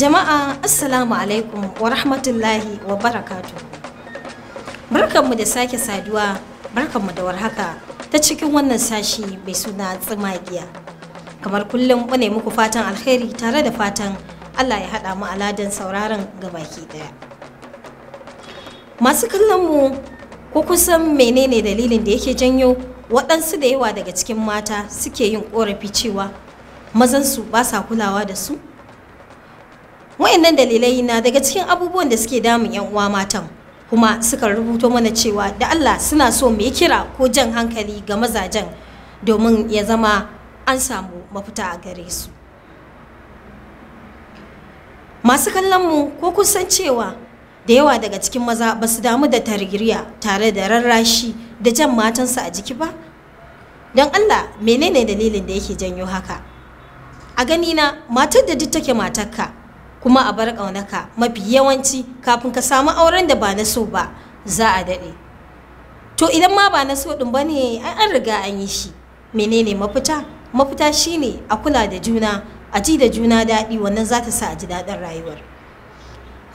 Jama'a Assalamu alaikum wa rahmatullahi wa barakatu. Barkanmu da sake saduwa, barkanmu da warhaka ta cikin wannan sashi mai suna tsimagiya. Kamar kullum wane muku fatan alheri tare da fatan Allah ya haɗa mu aladan sauraron gabaki ɗaya. Masu kallon mu ko kusan menene dalilin da yake janyo waɗansu da yawa daga cikin mata suke yin ƙorafi cewa mazansu ba sa kulawa da su? wayannan dalilai na daga cikin abubuwan da suke damun yan uwa matan kuma suka rubuto mana cewa da Allah suna so mu kira ko jan hankali ga mazajen domin ya zama an samu mafita a gare su masu kallon mu ko kun san cewa da yawa daga cikin maza ba su damu da targiriya tare da rarrashi da jan matansa a jiki ba don allah menene dalilin da yake janyo haka a ganina matar da duk take matarka kuma a bar ƙaunaka mafi yawanci kafin ka samu auren da ba na so ba za a daɗe to idan ma ba na so ɗin ba ne an riga an yi shi menene mafita mafita shine a kula da juna a ji da juna daɗi wannan za ta sa a ji daɗin rayuwar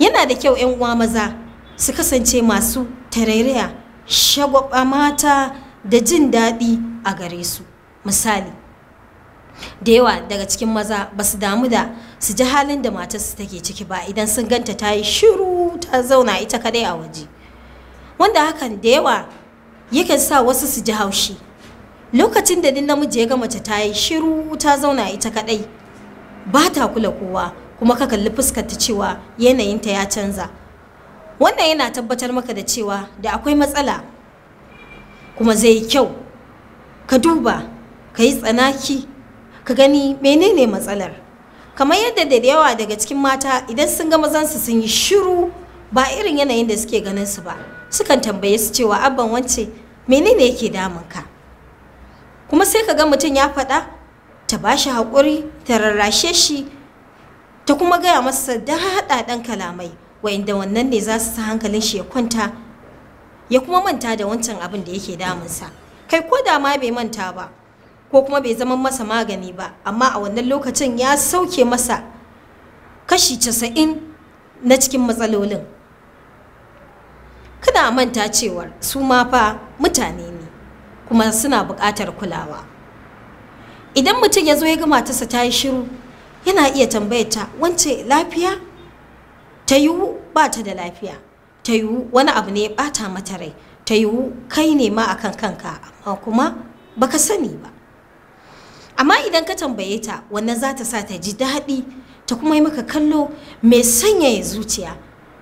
yana da kyau 'yan uwa maza su kasance masu tarairaya shagwaba mata da jin daɗi a gare su misali da yawa daga cikin maza ba su damu da su ji halin da matarsu take ciki ba idan sun ganta ta yi shiru ta zauna ita kadai a waje wanda hakan da yawa yakan sa wasu su ji haushi lokacin da din namiji ya ga mace ta yi shiru ta zauna ita kadai ba ta kula kowa kuma ka kalli fuskar ta cewa yanayinta ya canza wannan yana tabbatar maka da cewa da akwai matsala kuma zai yi kyau ka duba ka yi tsanaki ka gani menene matsalar kamar yadda da yawa daga cikin mata idan sun ga mazansu sun yi shiru ba irin yanayin da suke ganin su ba sukan tambaye su cewa abban wance menene yake ka? kuma sai ka ga mutum ya faɗa ta ba shi haƙuri ta rarrashe shi ta kuma gaya masa da ɗan kalamai wa'inda wannan ne za su sa hankalin shi ya kwanta ya kuma manta da wancan abin da yake damunsa kai ko da ma bai manta ba ko kuma bai zama masa magani ba amma a wannan lokacin ya sauke masa kashi casa'in na cikin matsalolin kada a manta cewar su ma fa mutane ne kuma suna buƙatar kulawa idan mutum ya zo ya ga matarsa ta yi shiru yana iya tambayar ta wance lafiya ta yiwu ba ta da lafiya ta yiwu wani abu ne ya ɓata mata rai ta yiwu kai ne ma akan kanka amma kuma baka sani ba amma idan ka tambaye ta wannan za ta sa ta ji daɗi ta kuma yi maka kallo mai sanyaya zuciya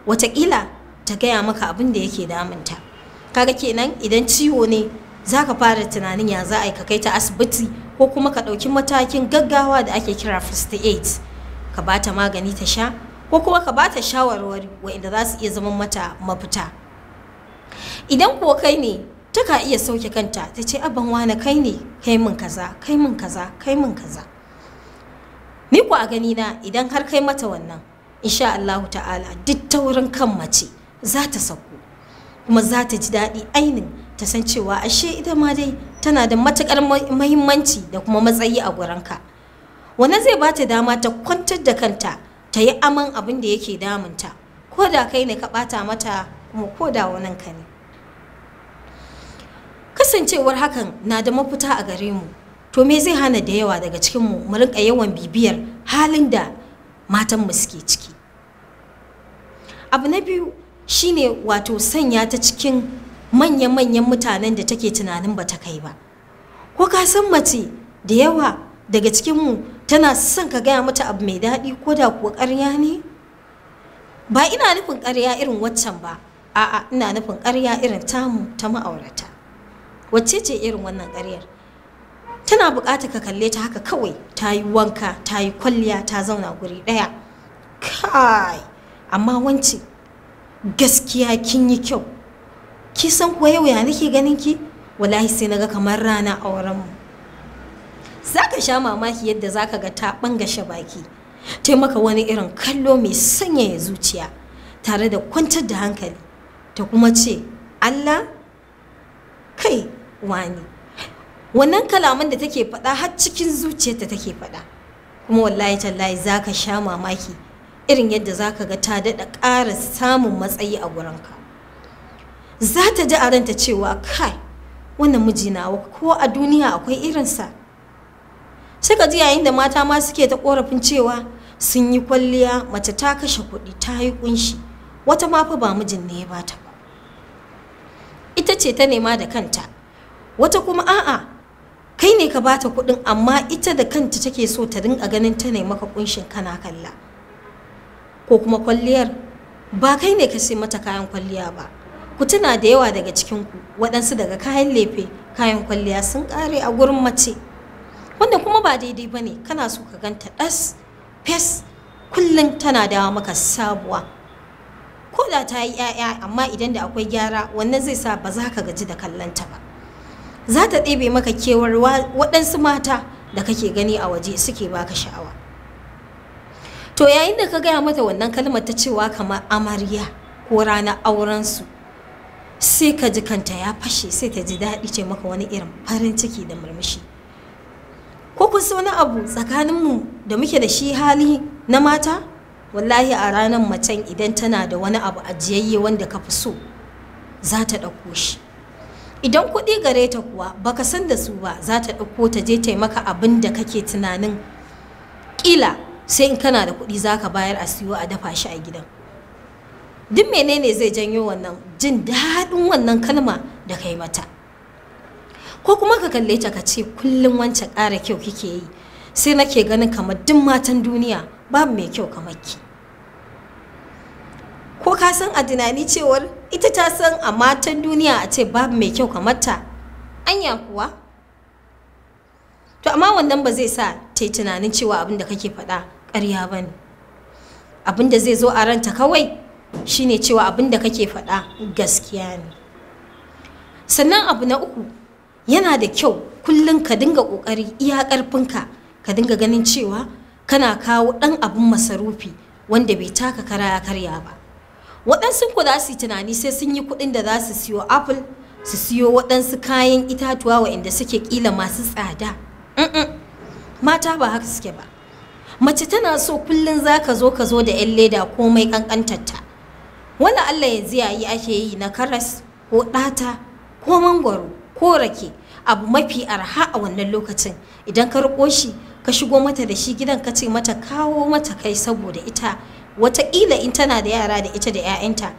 watakila ta gaya maka abin da yake damunta kaga kenan idan ciwo ne za ka fara tunanin ya za a yi ka kai ta asibiti ko kuma ka ɗauki matakin gaggawa da ake kira first aid ka ba ta magani ta sha ko kuma ka ba ta shawarwari inda za su iya zama mata mafita idan kuwa kai ne Taka iya sauke kanta ta ce abban wane kai ne kai min kaza kai min kaza kai min kaza ni ku a gani na idan har kai mata wannan insha Allahu ta'ala duk taurin kan mace za ta sauko kuma za ta ji daɗi ainin ta san cewa ashe ita ma dai tana da matukar muhimmanci da kuma matsayi a gurinka wannan zai ba ta dama ta kwantar da kanta ta yi aman abin da yake damunta ko da kai ne ka bata mata kuma ko da ka ne kasancewar hakan na da mafita a gare mu to me zai hana da yawa daga cikin mu mu rinka yawan bibiyar halin da matan mu suke ciki abu na biyu shine wato sanya ta cikin manya-manyan mutanen da take tunanin ba ta kai ba ko ka san mace da yawa daga cikin mu tana son ka gaya mata abu mai daɗi ko da kuwa ƙarya ne ba ina nufin ƙarya irin waccan ba a'a ina nufin ƙarya irin tamu ta ma'aurata wacce ce irin wannan ƙaryar tana buƙatar ka kalle ta haka kawai ta yi wanka ta yi kwalliya ta zauna guri ɗaya kai amma wance gaskiya kin yi kyau ki san kuwa yau ya nake ganin ki wallahi sai na ga kamar rana a wurin za ka sha mamaki yadda zaka ga ta ɓangashe baki taimaka wani irin kallo mai sanyaya zuciya tare da kwantar da hankali ta kuma ce allah kai wani wannan kalaman da take faɗa har cikin zuciyarta take faɗa kuma wallahi tallahi za ka sha mamaki irin yadda za ka ga ta daɗa ƙara samun matsayi a wurinka. za ta ji a ranta cewa kai wannan nawa ko a duniya akwai irinsa sai ka ji yayin da mata ma suke ta korafin cewa sun yi kwalliya mace ta kashe kuɗi ta yi kunshi wata ma ba mijin ne ya bata ba ita ce ta nema da kanta wata kuma a'a kai ne ka bata kuɗin amma ita da kanta take so ta dinga ganin ta ne maka kunshin kana kalla ko kuma kwalliyar ba kai ne ka sai mata kayan kwalliya ba ku tuna da yawa daga cikin ku waɗansu daga kayan lefe kayan kwalliya sun ƙare a gurin mace wanda kuma ba daidai ba ne kana so ka ganta ɗas fes kullum tana dawa maka sabuwa ko da ta yi 'ya'ya amma idan da akwai gyara wannan zai sa ba za ka gaji da kallonta ba za ta ɗebe maka kewar waɗansu mata da kake gani a waje suke baka sha'awa to yayin da ka gaya mata wannan kalmar ta cewa kamar amarya ko ranar aurensu sai ka ji kanta ya fashe sai ta ji daɗi ce maka wani irin farin ciki da murmushi ko kun wani abu tsakaninmu da muke da shi hali na mata wallahi a ranar macen idan tana da wani abu ajiyayye wanda ka fi so za ta ɗauko shi idan kuɗi gare ta kuwa baka san da su ba za ta ɗauko ta je taimaka abin da kake tunanin ƙila sai in kana da kuɗi za ka bayar a siyo a dafa shi a gidan duk menene zai janyo wannan jin daɗin wannan kalma da kai mata ko kuma ka kalle ta ka ce kullum wancan ƙara kyau kike yi sai nake ganin kamar duk matan duniya babu mai kyau kamar ki ko ka san a tunani cewar ita ta san a matan duniya a ce babu mai kyau kamar ta anya kuwa to amma wannan ba zai sa ta tunanin cewa abin da kake faɗa ƙarya ba ne abin da zai zo a ranta kawai shine cewa abin da kake faɗa gaskiya ne sannan abu na uku yana da kyau kullum ka dinga ƙoƙari iya ƙarfinka ka dinga ganin cewa kana kawo ɗan abun masarufi wanda bai taka kara ya karya ba waɗansu ku za su yi tunani sai sun yi kuɗin da za su siyo apple su siyo waɗansu kayan itatuwa waɗanda suke ƙila masu tsada mata ba haka suke ba mace tana so kullum za ka zo ka zo da 'yan leda komai ƙanƙantarta wani allah yanzu yi ake yi na karas ko ɗata ko mangwaro ko rake abu mafi arha a wannan lokacin idan ka shi ka shigo mata da shi gidan ka ce mata kawo mata kai saboda ita wataƙila in tana da yara da ita da 'ya'yanta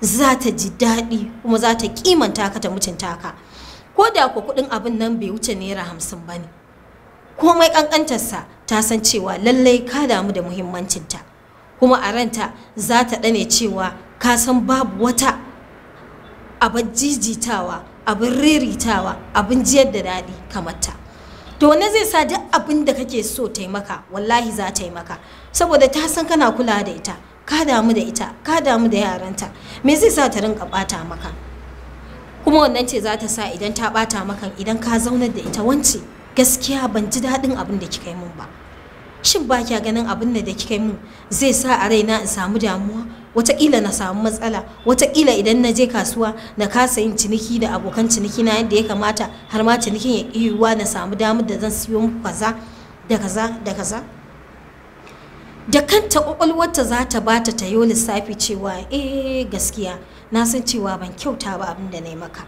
za ta ji daɗi kuma za ta kimanta ka ta mutunta ka ko da ku kuɗin abin nan bai wuce naira hamsin ba ne komai ƙanƙantarsa ta san cewa lallai ka damu da muhimmancinta kuma a ranta za ta ɗane cewa ka san babu wata abin jijitawa abin riritawa abin jiyar da daɗi kamar ta to wannan zai sa duk abin da kake so taimaka wallahi za ta maka saboda ta san kana kula da ita ka damu da ita ka damu da yaranta me zai sa ta rinka bata maka kuma wannan ce za ta sa idan ta bata maka idan ka zaunar da ita wance gaskiya ban ji daɗin abin da kika yi min ba shin ba kya ganin abin da kika yi min zai sa a raina in samu damuwa wataƙila na samu matsala wataƙila idan na je kasuwa na kasa yin ciniki da abokan ciniki na yadda ya kamata har ma cinikin ya yiwuwa na samu damar da zan siyo muku kaza da kaza da kaza da kanta kwakwalwarta za ta ba ta tayo lissafi cewa eh gaskiya na san cewa ban kyauta ba abin da na maka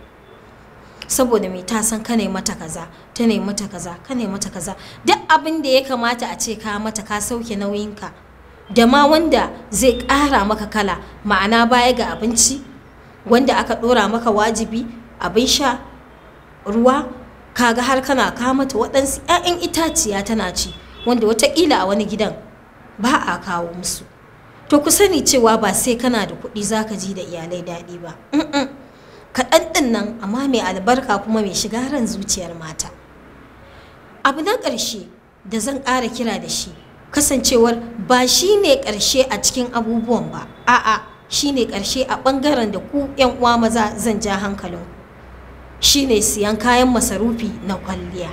saboda mai ta san ka mata kaza ta mata kaza ka mata kaza duk abin da ya kamata a ce ka mata ka sauke nauyinka da ma wanda zai ƙara maka kala ma'ana baya ga abinci wanda aka ɗora maka wajibi abin sha ruwa kaga har kana kamata waɗansu 'ya'yan itaciya tana ci wanda wataƙila a wani gidan ba a kawo musu to ku sani cewa ba sai kana da kuɗi za ka ji da iyalai daɗi ba kaɗan ɗin nan amma mai albarka kuma mai shiga ran zuciyar mata abu na ƙarshe da zan ƙara kira da shi kasancewar ba shi ne ƙarshe a cikin abubuwan ba a'a shi ne ƙarshe a ɓangaren da ku 'yan uwa maza zan ja hankalin shi ne siyan kayan masarufi na kwalliya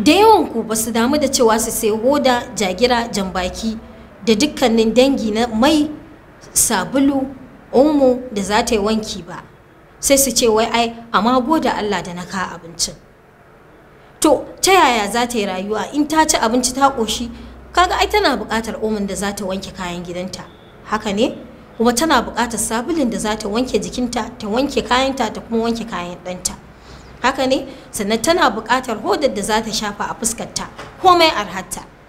da yawan ku ba su damu da cewa su sai hoda jagira jambaki da dukkanin dangi na mai sabulu umu da za ta yi wanki ba sai su ce wai ai amma goda allah da na ka abincin to ta yaya za ta yi rayuwa in ta ci abinci ta ƙoshi kaga ai tana buƙatar omin da za ta wanke kayan gidanta haka ne kuma tana buƙatar sabulin da za ta wanke jikinta ta wanke kayanta ta kuma wanke kayan ɗanta haka ne sannan tana buƙatar hodar da za ta shafa a fuskarta komai arhatta